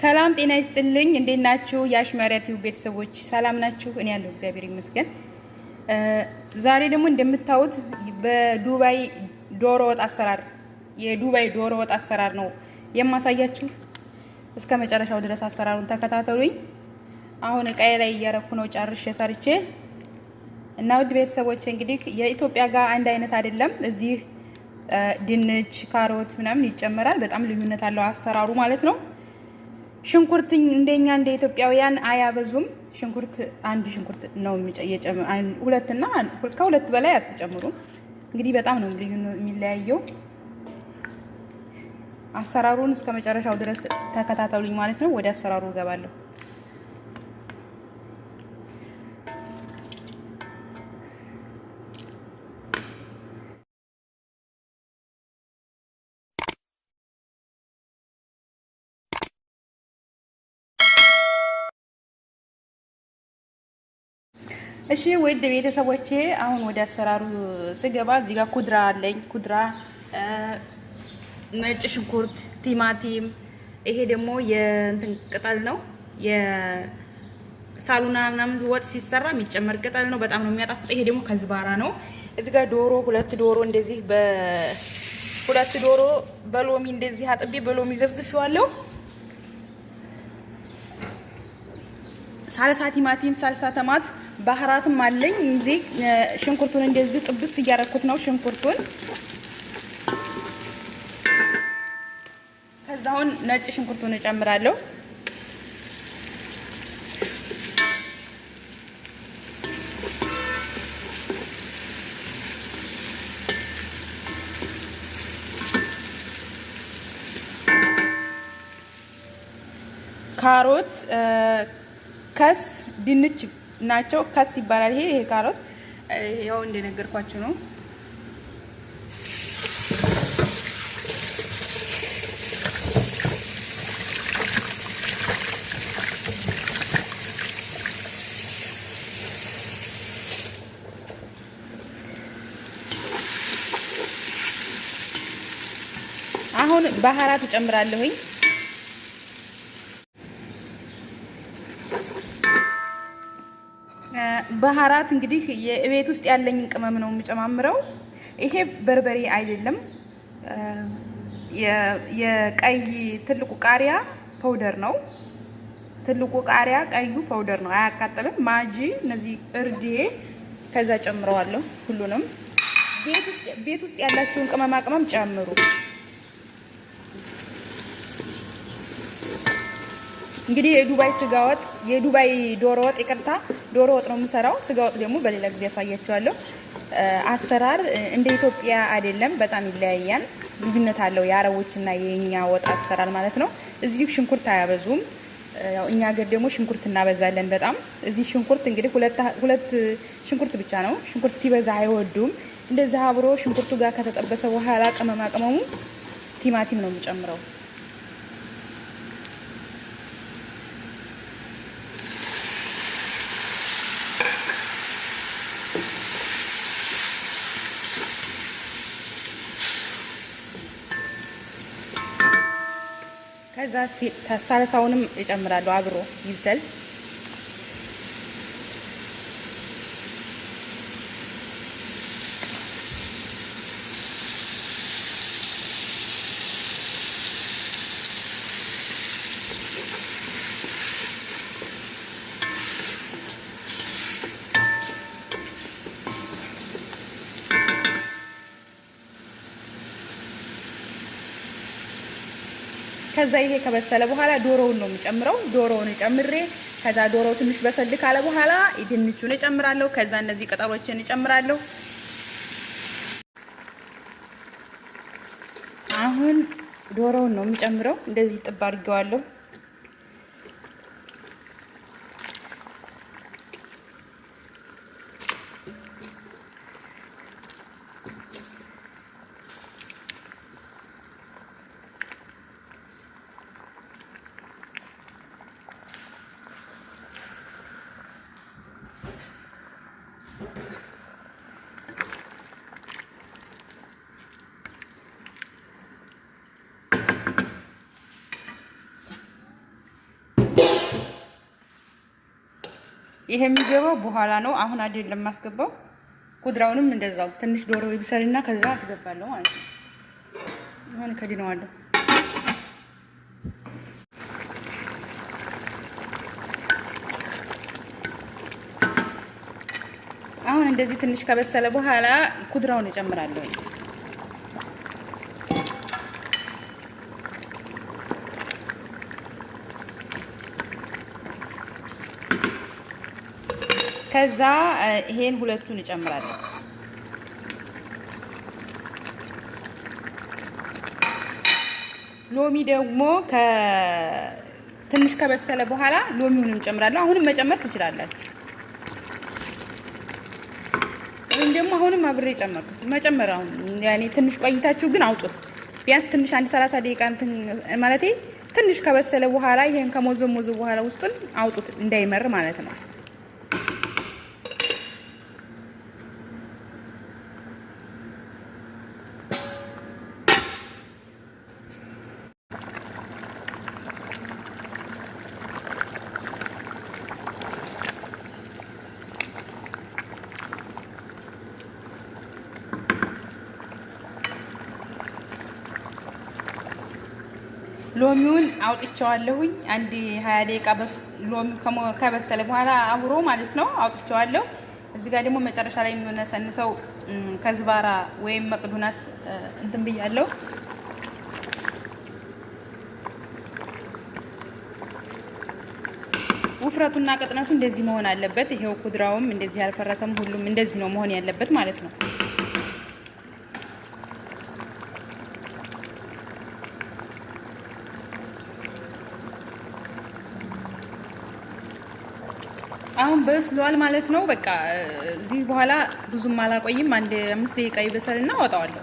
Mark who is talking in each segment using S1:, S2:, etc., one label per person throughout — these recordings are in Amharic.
S1: ሰላም ጤና ይስጥልኝ። እንዴት ናችሁ? የአሽመሪያ ቤተሰቦች ሰላም ናችሁ? እኔ ያለው እግዚአብሔር ይመስገን። ዛሬ ደግሞ እንደምታዩት በዱባይ ዶሮ ወጥ አሰራር የዱባይ ዶሮ ወጥ አሰራር ነው የማሳያችሁ። እስከ መጨረሻው ድረስ አሰራሩን ተከታተሉኝ። አሁን እቃዬ ላይ እያረኩ ነው ጨርሼ ሰርቼ እና ውድ ቤተሰቦች እንግዲህ የኢትዮጵያ ጋር አንድ አይነት አይደለም። እዚህ ድንች፣ ካሮት ምናምን ይጨመራል። በጣም ልዩነት አለው አሰራሩ ማለት ነው። ሽንኩርት እንደኛ እንደ ኢትዮጵያውያን አያበዙም። ሽንኩርት አንድ ሽንኩርት ነው ሁለትና ከሁለት በላይ አትጨምሩም። እንግዲህ በጣም ነው ልዩ የሚለያየው። አሰራሩን እስከ መጨረሻው ድረስ ተከታተሉኝ ማለት ነው። ወደ አሰራሩ እገባለሁ። እሺ ውድ ቤተሰቦቼ አሁን ወደ አሰራሩ ስገባ እዚህ ጋር ኩድራ አለኝ። ኩድራ፣ ነጭ ሽንኩርት፣ ቲማቲም። ይሄ ደግሞ የእንትን ቅጠል ነው። የሳሉና ምናምን ወጥ ሲሰራ የሚጨመር ቅጠል ነው። በጣም ነው የሚያጣፍጥ። ይሄ ደግሞ ከዝባራ ነው። እዚህ ጋር ዶሮ፣ ሁለት ዶሮ እንደዚህ በሁለት ዶሮ በሎሚ እንደዚህ አጥቤ በሎሚ ዘፍዝፌዋለሁ። ሳልሳ ቲማቲም፣ ሳልሳ ተማት ባህራትም አለኝ እዚህ ሽንኩርቱን እንደዚህ ጥብስ እያረኩት ነው ሽንኩርቱን ከዛ አሁን ነጭ ሽንኩርቱን እጨምራለሁ ካሮት ከስ ድንች ናቸው። ከስ ይባላል ይሄ ይሄ ካሮት ያው እንደነገርኳችሁ ነው። አሁን ባህራት እጨምራለሁኝ። ባህራት እንግዲህ የቤት ውስጥ ያለኝን ቅመም ነው የምጨማምረው። ይሄ በርበሬ አይደለም፣ የቀይ ትልቁ ቃሪያ ፓውደር ነው። ትልቁ ቃሪያ ቀዩ ፓውደር ነው። አያቃጥልም። ማጂ፣ እነዚህ እርዴ፣ ከዛ ጨምረዋለሁ። ሁሉንም ቤት ውስጥ ያላችሁን ቅመማ ቅመም ጨምሩ። እንግዲህ የዱባይ ስጋ ወጥ የዱባይ ዶሮ ወጥ ይቅርታ፣ ዶሮ ወጥ ነው የምሰራው። ስጋ ወጥ ደግሞ በሌላ ጊዜ ያሳያችኋለሁ። አሰራር እንደ ኢትዮጵያ አይደለም፣ በጣም ይለያያል። ልዩነት አለው የአረቦችና የእኛ ወጥ አሰራር ማለት ነው። እዚህ ሽንኩርት አያበዙም። ያው እኛ ሀገር ደግሞ ሽንኩርት እናበዛለን በጣም። እዚህ ሽንኩርት እንግዲህ ሁለት ሽንኩርት ብቻ ነው። ሽንኩርት ሲበዛ አይወዱም። እንደዚህ አብሮ ሽንኩርቱ ጋር ከተጠበሰ በኋላ ቅመማ ቅመሙ ቲማቲም ነው የሚጨምረው ከዛ ሳልሳውንም ይጨምራሉ አብሮ ይብሰል። ከዛ ይሄ ከበሰለ በኋላ ዶሮውን ነው የሚጨምረው። ዶሮውን ጨምሬ ከዛ ዶሮው ትንሽ በሰል ካለ በኋላ ድንቹን እጨምራለሁ። ከዛ እነዚህ ቅጠሎችን እጨምራለሁ። አሁን ዶሮውን ነው የሚጨምረው እንደዚህ ጥብ አድርጌዋለሁ። ይሄ የሚገባው በኋላ ነው። አሁን አይደለም ለማስገባው ኩድራውንም እንደዛው ትንሽ ዶሮ ይብሰልና ከዛ አስገባለሁ ማለት ነው። አሁን ከድነዋለሁ። አሁን እንደዚህ ትንሽ ከበሰለ በኋላ ኩድራውን እጨምራለሁ። ከዛ ይሄን ሁለቱን እጨምራለሁ። ሎሚ ደግሞ ትንሽ ከበሰለ በኋላ ሎሚውንም እጨምራለሁ። አሁንም መጨመር ትችላላችሁ። ወይም ደግሞ አሁንም አብሬ ጨመርኩት። መጨመር አሁን ያኔ ትንሽ ቆይታችሁ ግን አውጡት። ቢያንስ ትንሽ አንድ 30 ደቂቃ እንትን ማለቴ ትንሽ ከበሰለ በኋላ ይሄን ከሞዘሞዘ በኋላ ውስጡን አውጡት እንዳይመር ማለት ነው። ሎሚውን አውጥቼዋለሁኝ። አንድ ሀያ ደቂቃ ሎሚው ከበሰለ በኋላ አብሮ ማለት ነው አውጥቼዋለሁ። እዚህ ጋር ደግሞ መጨረሻ ላይ የምነሰንሰው ከዝባራ ወይም መቅዱናስ እንትን ብያለሁ። ውፍረቱና ቅጥነቱ እንደዚህ መሆን አለበት። ይሄው ኩድራውም እንደዚህ አልፈረሰም። ሁሉም እንደዚህ ነው መሆን ያለበት ማለት ነው። በስሏል ማለት ነው። በቃ እዚህ በኋላ ብዙም አላቆይም። አንድ አምስት ደቂቃ ይበሰልና አወጣዋለሁ።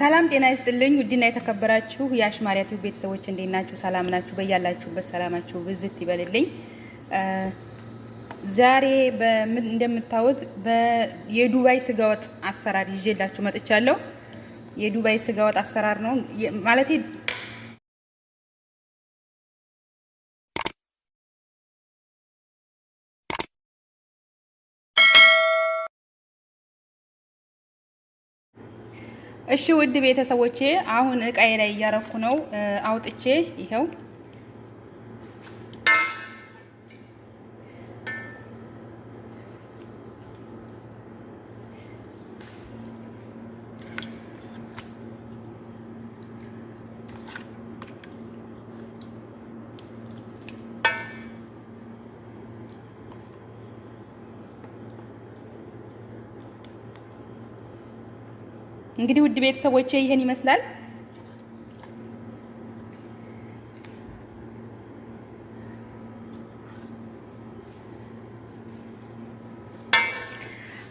S1: ሰላም ጤና ይስጥልኝ። ውድና የተከበራችሁ የአሽማሪያ ቲዩብ ቤተሰቦች እንዴት ናችሁ? ሰላም ናችሁ? በያላችሁበት ሰላማችሁ ብዝት ይበልልኝ። ዛሬ እንደምታዩት የዱባይ ስጋ ወጥ አሰራር ይዤላችሁ መጥቻለሁ። የዱባይ ስጋ ወጥ አሰራር ነው ማለት እሺ ውድ ቤተሰቦቼ አሁን እቃዬ ላይ እያረኩ ነው አውጥቼ ይኸው እንግዲህ ውድ ቤተሰቦች ይሄን ይመስላል።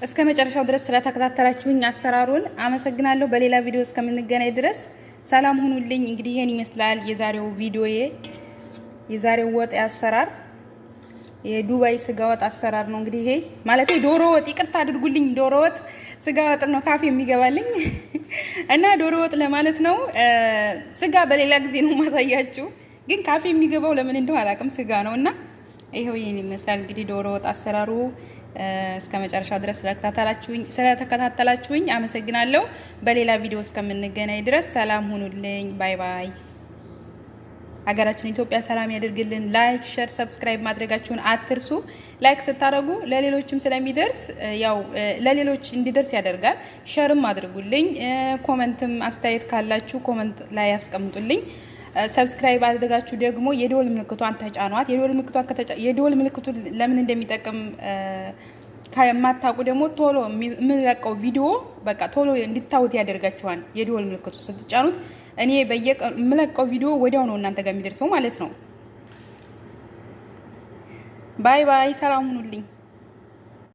S1: እስከ መጨረሻው ድረስ ስለተከታተላችሁኝ አሰራሩን አመሰግናለሁ። በሌላ ቪዲዮ እስከምንገናኝ ድረስ ሰላም ሁኑልኝ። እንግዲህ ይሄን ይመስላል የዛሬው ቪዲዮዬ የዛሬው ወጥ አሰራር የዱባይ ስጋ ወጥ አሰራር ነው እንግዲህ ይሄ ማለት ዶሮ ወጥ ይቅርታ አድርጉልኝ፣ ዶሮ ወጥ ስጋ ወጥ ነው ካፌ የሚገባልኝ እና ዶሮ ወጥ ለማለት ነው። ስጋ በሌላ ጊዜ ነው ማሳያችሁ፣ ግን ካፌ የሚገባው ለምን እንደሆነ አላውቅም ስጋ ነው እና ይሄው ይህን ይመስላል እንግዲህ ዶሮ ወጥ አሰራሩ። እስከ መጨረሻው ድረስ ስለተከታተላችሁኝ አመሰግናለሁ። በሌላ ቪዲዮ እስከምንገናኝ ድረስ ሰላም ሁኑልኝ። ባይ ባይ። ሀገራችን ኢትዮጵያ ሰላም ያደርግልን። ላይክ፣ ሸር፣ ሰብስክራይብ ማድረጋችሁን አትርሱ። ላይክ ስታደርጉ ለሌሎችም ስለሚደርስ ያው ለሌሎች እንዲደርስ ያደርጋል። ሸርም አድርጉልኝ። ኮመንትም አስተያየት ካላችሁ ኮመንት ላይ ያስቀምጡልኝ። ሰብስክራይብ አድርጋችሁ ደግሞ የደወል ምልክቷን ተጫኗት። የደወል ምልክቷን ከተጫ የደወል ምልክቱ ለምን እንደሚጠቅም ከማታውቁ ደግሞ ቶሎ የምንለቀው ቪዲዮ በቃ ቶሎ እንዲታወት ያደርጋችኋል። የደወል ምልክቱ ስትጫኑት እኔ በየቀኑ የምለቀው ቪዲዮ ወዲያው ነው እናንተ ጋር የሚደርሰው ማለት ነው። ባይ ባይ፣ ሰላም ሁኑልኝ።